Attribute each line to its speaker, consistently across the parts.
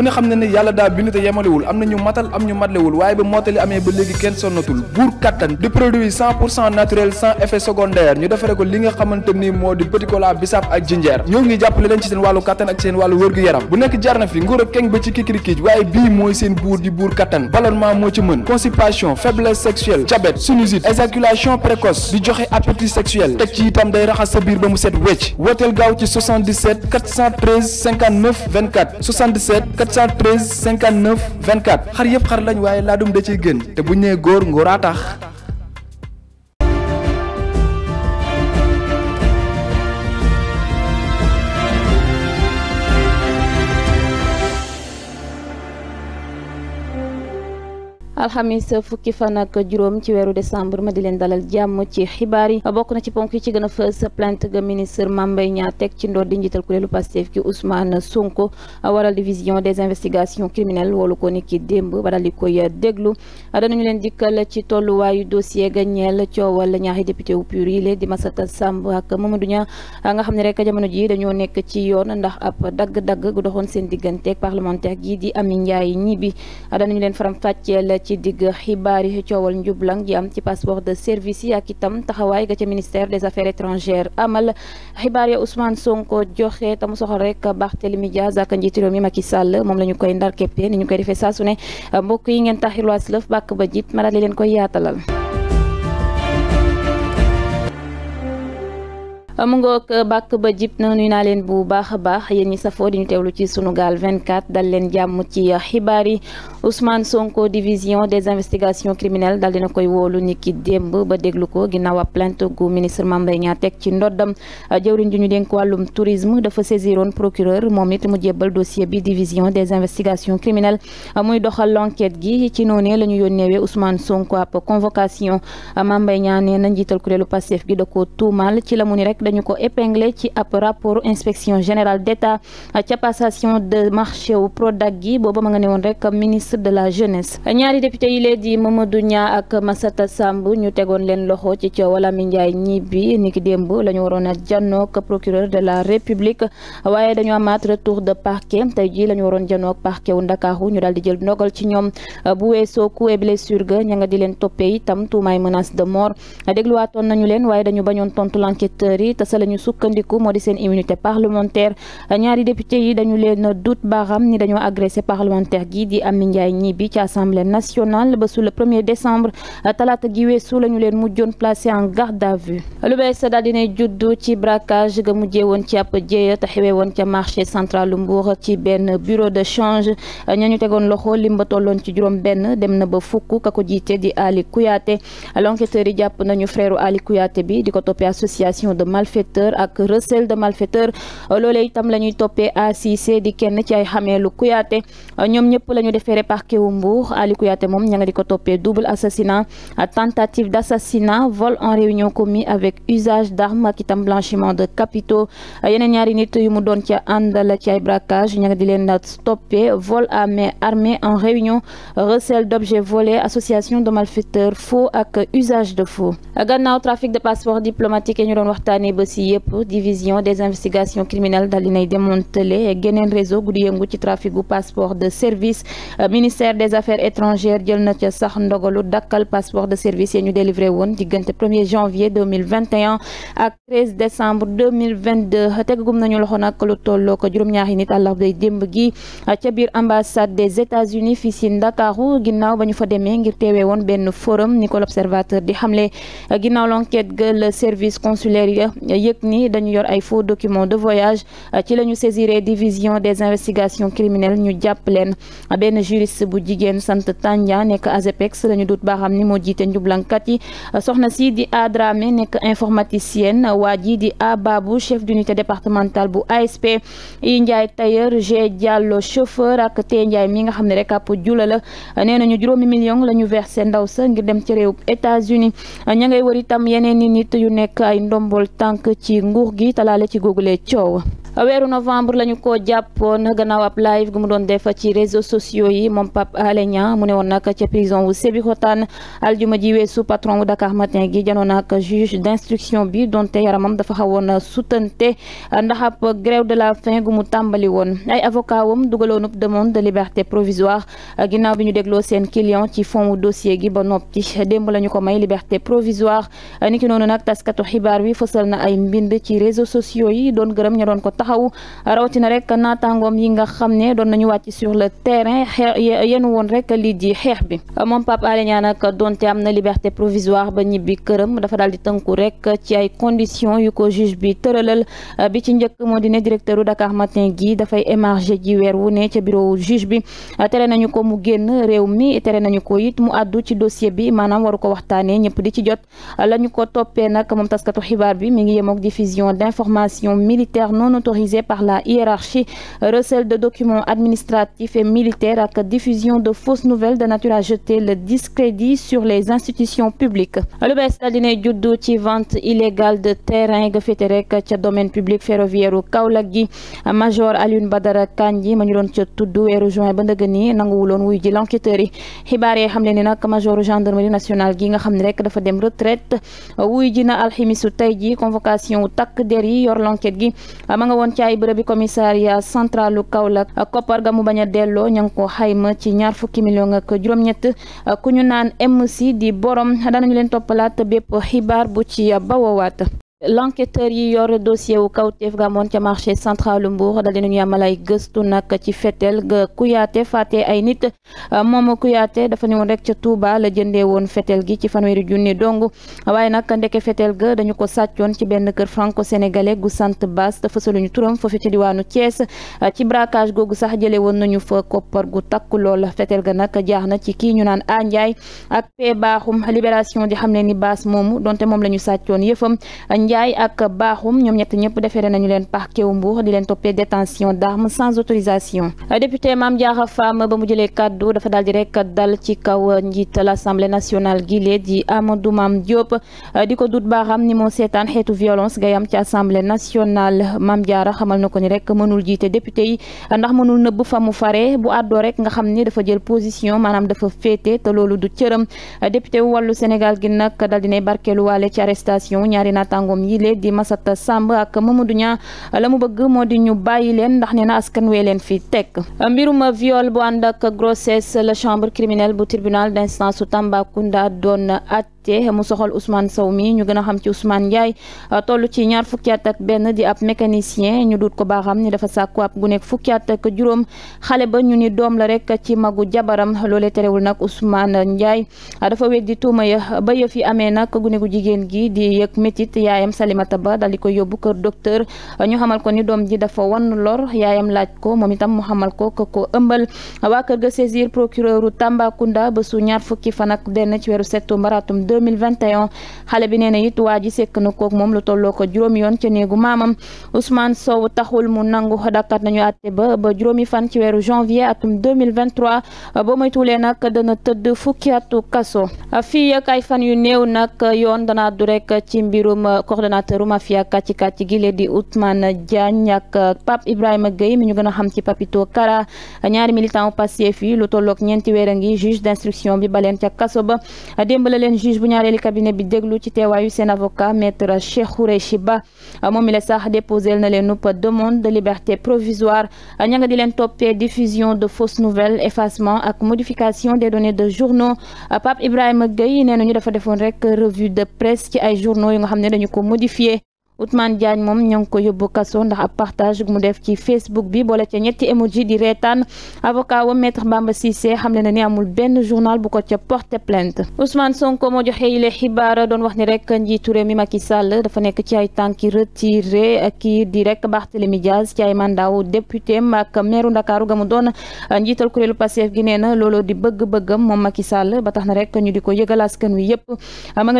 Speaker 1: ku ne xam ne ne yàlla daa bind te yemalewul am na ñu matal am ñu matlewul waaye ba mottali amee ba léegi kenn sonnatul buur kattan di produit cent pour cent naturel sans effet secondaire ñu defare ko li nga xamante ni moo di petit cola bisaab ak jinjeer ñoo ngi jàppale leen ci seen wàllu kattan ak seen wàllu wërgu yaram bu nekk jarna fi nguur ak keng ba ci kikirikiij waaye bii mooy seen buur di buur kattan ballonnement moo ci mën constipation 713 vingt 24 xar yëpp xar lañ waaye laadum da ciy gën te bu ñu nee góor ngóoraa tax
Speaker 2: alxamis fukki fan ak juróom ci weeru décembre ma di leen dalal jàmm ci xibaar yi bokk na ci ponk yi ci gën a fës plainte ga ministre Mame Mbaye Niang teg ci ndoor di njiital kuréelu Pastef ki Ousmane Sonko waral division des investigations criminelles woolu ko ni ki démb ba daal di koy déglu danañu leen dikkal ci tolluwaayu dossier ga ñeel coowal ñaari député wu PUR yi di Massata Samb ak Mamadou Niang nga xam ne rek jamono ji dañoo nekk yoon ndax ab dagg-dagg gu seen digganteeg parlementaire gi di ci digg xibaar yi coowal njublang ji am ci passeport de service yi ak itam taxawaay ga ca ministère des affaires étrangères amal xibaar ya Ousmane Sonko joxe tamu soxal rek Barthélemy Diaz ak njiitu réew mi Macky Sall moom la ñu koy ndar keppe ni ñu koy defee saa su ne mbokk yi ngeen taxirluwaas lëf bàkk ba jib ma daal leen koy yaatalal mu ngoog eh, bàkk ba jib na nuy naa leen bu baax a baax yéen ñi safoo di ñu teewlu ci Sunugal 24 dal leen jàmm ci eh, xibaar yi Ousmane Sonko division des investigations criminelles dal dina koy woolu ni ki démb ba déglu ko ginnaaw ab plainte gu ministre Mame Mbaye Niang teg ci ndoddam eh, jëwriñ ju ñu dénk wàllum tourisme dafa saisiroon procureur moom it mu jébbal dossier bi division des investigations criminelles muy doxal l'enquête gi ci noonee la ñu yónneewee Ousmane Sonko ab convocation Mame Mbaye Niang nee na njiital kuréelu Pastef gi da tuumaal ci la ni rek dañu ko épinglé ci ab rapport inspection générale d'état ca passation de marché wu Prodac gi booba ma nga ne woon rek ministre de la jeunesse ñaari député yi lee di Mamadou Niang ak Massata Samb ñu tegoon leen loxo ci coow Lamine Ndiaye ñibbi niki démb la ñu waroon a janook procureur de la république waaye dañu amaat retour de parquet tey jii lañu ñu waroon janook parquet wu Ndakaaru ñu daal di jël ndogal ci ñoom bu weesoo coups et blessures ña nga di leen toppee itam tuumaay menace de mort te sa la ñu sukkandiku moo di seen immunité parlementaire ñaari député yi dañu leen dut baaraam ni dañoo agressé parlementaire gi di Amy Ndiaye Gniby ca assemblée nationale ba su le 1 décembre talaata gi weesu la ñu leen mujjoon placé en garde à vue lu bees daal dinay juddu ci braquage ga mujjee woon ci ab jéeya te xewee woon ca marché central Mbour ci benn bureau de change ñu tegoon loxo lim ba tolloon ci juróom benn dem na ba fukk ko jiite di Ali Kouyaté yi jàpp nañu frère Ali bi di ko toppee association de malfaiteurs malfaiteurs ak recel de malfaiteurs loolee itam la ñuy toppee ACC di kenn ci ay xameelu Kouyaté ñoom ñëpp la ñu defeere parquet wu Mbour Ali Kouyaté moom ña nga di ko toppee double assassinat tentative d'assassinat vol en réunion commis avec usage d'armes ak itam blanchiment de capitaux yeneen ñaari nit yu mu doon ci àndal ci ay braquage ña di leen toppee vol à main armée en réunion recel d'objets volés association de malfaiteurs faux ak usage de faux gannaaw bés yi yëpp division des investigations criminelles daal dinay démantelé geneen réseau gu di ci trafic gu passeport de service euh, ministère des affaires étrangères jël na ca sax ndogalu dakkal passeport de service yi ñu délivré woon diggante 1er janvier 2021 ak décembre 2022 teggum nañu loxo nag lu tolloo ko juróom-ñaari nit àllax day démb gi euh, ca biir ambassade des États-Unis fii si Ndakaaru ginnaaw ba fa demee ngir teewee woon benn forum ni ko l'observateur di xamle euh, ginnaaw yëg ni dañu yor ay faux documents de voyage euh, ci la ñu saisiré division des investigations criminelles ñu jàpp leen benn juriste bu jigéen sant Tandia nekk ASEPEX lañu ñu dut baaxam ni moo jiite njublankat yi soxna si di A Dramé nekk informaticienne waa ji di A Babou chef d'unité départementale bu sp i Ndiaye tailleur G Diallo chauffeur ak T Ndiaye mi nga xam ne rek àpp jula la nee nañu juróomi million la ñu versé ndaw sa ngir dem ci réew États-Unis ña i nit yu nekk ay ndombol tànk tënk ci nguur gi talaale ci googulee coow weeru novembre lañu ko jàppoon gannaaw ab live gu mu doon def ci réseaux sociaux yi moom Pape Alé Niang mu ne woon nag ca prison wu Sébikotane aljuma ji weesu patron wu Dakar matin gi janoon ak juge d'instruction bi donte yaramam dafa xawoon sutante ndax ab grève de la faim gu mu tàmbali woon ay avocat wam dugaloon ab demande de liberté provisoire ginnaaw bi ñu dégloo seen client ci fon wu dossier gi ba noppi démb lañu ko may liberté provisoire niki noonu na ay mbind ci réseaux sociaux yi doon gërëm ko tax taxaw rawatina rek naataangoom yi nga xam ne doon nañu wàcc sur le terrain yéen woon rek lii di xeex bi moom Pape Alé Niang donte am na liberté provisoire ba ñibbi këram dafa daal di tënku rek ci ay conditions yu ko juge bi tëralal bi ci njëkk moo di directeur Dakar Matin gi dafay émarger ji weer wu ne ca bureau juge bi tere nañu ko mu génn réew mi tere nañu ko it mu àddu ci dossier bi maanaam waru ko waxtaanee ñëpp di ci jot lañu ko toppee nag moom taskatu xibaar bi mi ngi yemook diffusion d'information militaire non autorisée autorisés par la hiérarchie recel de documents administratifs et militaires ak diffusion de fausses nouvelles de nature à jeter le discrédit sur les institutions publiques lu bees la dina ci vente illégale de terrain ga féete rek ca domaine public ferroviaire u gi major Alioune Badara Kandji ma ñu doon ca tudd weeru juin ba ndëgg ni nanguwuloon wuy ji l'enquêteur yi xibaar yi xam le ni nag major gendarmerie nationale gi nga xam ne rek dafa dem retraite wuy ji na alximisu tey ji convocation u woon ci ay bërëbi commissariat centralu Kaolack koppar ga mu bañ a delloo ña ngi ko xayma ci ñaar fukki million ak juróom ku ñu naan MC di borom danañu leen toppalaata bépp xibaar bu ci bawowaat l'enquêteur yi yor dossier wu kawteef ga amoon ca marché central Mbour dal dinañu amal ay gëstu nag ci fetel ga Kouyaté fate ay nit euh, moom Kouyaté dafa ne woon rek ca tuuba la jëndee woon fetel gi ci fanweeri junni dong waaye nag ndeke fetel ga dañu ko sàccoon ci benn kër franco-sénégalais gu sant Bass dafa soluñu turam foofu ci diwaanu Thiès euh, ci braquage googu sax jële woon nañu fa koppar gu takku lool fetel ga nag jaax na ci kii ñu naan A ak P Bakhoum di xam ne ni moom la ñu sàccoon yëfam Ndiaye ak baaxum ñoom ñett ñëpp defeere nañu leen parquet wu Mbour di leen toppee détention d'armes sans autorisation député Mame Diarra Fam ba mu jëlee kàddu dafa daal di rek dal ci kaw njiit l'Assemblée nationale gilée di Amadou Mame Diop di ko dut baaxam ni moo seetaan xeetu violence ngay am ci Assemblée nationale maam Diarra xamal na ko ni rek mënul jiite député yi ndax mënul nëbb fa mu fare bu àddoo rek nga xam ni dafa jël position maanaam dafa féete te loolu du cëram député wu wàllu Sénégal nag dal dinay barkeelu waale ci ñaari naataangoom doomam yi lee di Massata Samb ak Mamadou Niang la mu bëgg moo di ñu bàyyi leen ndax nee na askan wee leen fi teg mbirum viol bu ànd ak grossesse la chambre criminelle bu tribunal d'instance su Tambacounda doon a at te mu soxal Ousmane Sow mi ñu gën a xam ci Ousmane Ndiaye toll ci ñaar fukki at ak benn di ab mécanicien ñu duut ko baaxam ni dafa sàkku ab gu nekk fukki at ak juróom xale ba ñu ni doom la rek ci magu jabaram loole terewul nag Ousmane Ndiaye dafa di tuuma ya ba yëf amee nag gune gu jigéen gi di yëg métit yaayam Salimata Ba dal di ko yóbbu kër docteur ñu xamal ko ni doom ji dafa wan lor yaayam laaj ko moom itam mu xamal ko ko ko ëmbal waa kër Tambacounda ba su ñaar fukki fan ak benn ci weeru septembre atum 2021 xale bi nee na it waa ji sekk na kook moom lu tolloo juróom yoon ca néegu maamam Ousmane Sow taxul mu nangu dakkat nañu àtte ba ba juróomi fan ci weeru janvier atum 2023 ba moytuwulee nag dana tëdd fukki atu kaso fii ak ay fan yu néew nag yoon dana addu rek ci mbirum coordonnateur mafia kàcci kàcci gi lee di Ousmane Diagne ak Pape Ibrahima Gueye mi ñu gën a xam ci Papito Kara ñaari militant u Pastef yi lu tolloog ñeenti weer a ngi juge d'instruction bi baleen ca kaso ba juge bu ñaareelu cabinet bi déglu ci teewaayu seen avocat maître Cheikh Khoureyssi Ba moom mi la sax déposé na leen nupp demonde de liberté provisoire ña nga di leen toppee diffusion de fausses nouvelles effacement ak modification des données de journaux Pape Ibrahima Gueye nee na ñu dafa defoon rek revue de presse ci ay journaux yu nga xam ne dañu ko modifié Ousmane Diagne moom ñoo ngi ko yóbbu kaso ndax ab partage mu def ci Facebook bi boole ca ñetti emoji di reetaan avocat wa maître Bamba Cissé xamle na ni amul benn journal bu ko ca porté plainte Ousmane Sonko moo joxe yile xibaar doon wax ni rek njiitu réew mi Macky Sall dafa nekk ci ay tànki retiré kii di rek Barthélémy Diaz ci ay mandaawu député ak meeru Ndakaaru ga mu doon njiital kuréelu Pastef gi nee looloo di bëgg-bëggam moom Macky ba tax na rek ñu di ko yëgal askan wi yëpp ma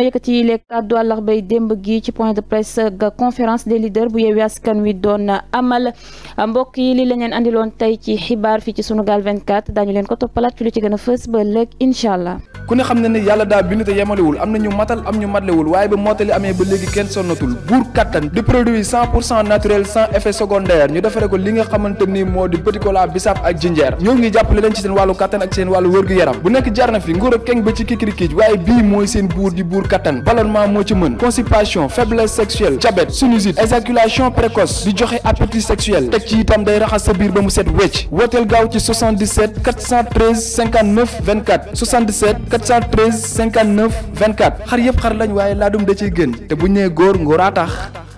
Speaker 2: nga conférence des leaders bu Yewwi Wi doon amal mbokk yi li la leen andiloon tey ci xibaar fii ci Sunugal 24 daañu leen ko toppalaat ci lu ci gën fës ba lëg incha
Speaker 1: ku ne xam ne ne yàlla daa bind te yemalewul am na ñu matal am ñu matlewul waaye ba mottali amee ba léegi kenn sonnatul buur kattan di produit naturel sans effet secondaire ñu defare ko li nga xamante ni moo di petit cola bisaab ak jinjeer ñoo ngi jàppale leen ci seen wàllu kattan ak diabète sinusite éjaculation précoce di joxe appétit sexuel teg ci itam day raxas sa biir ba mu set wecc wooteel gaaw ci 77 413 59 24 77 413 59 24 xar yëpp xar lañ waaye laa laadum da ciy gën te bu ñu nee góor ngóoraa tax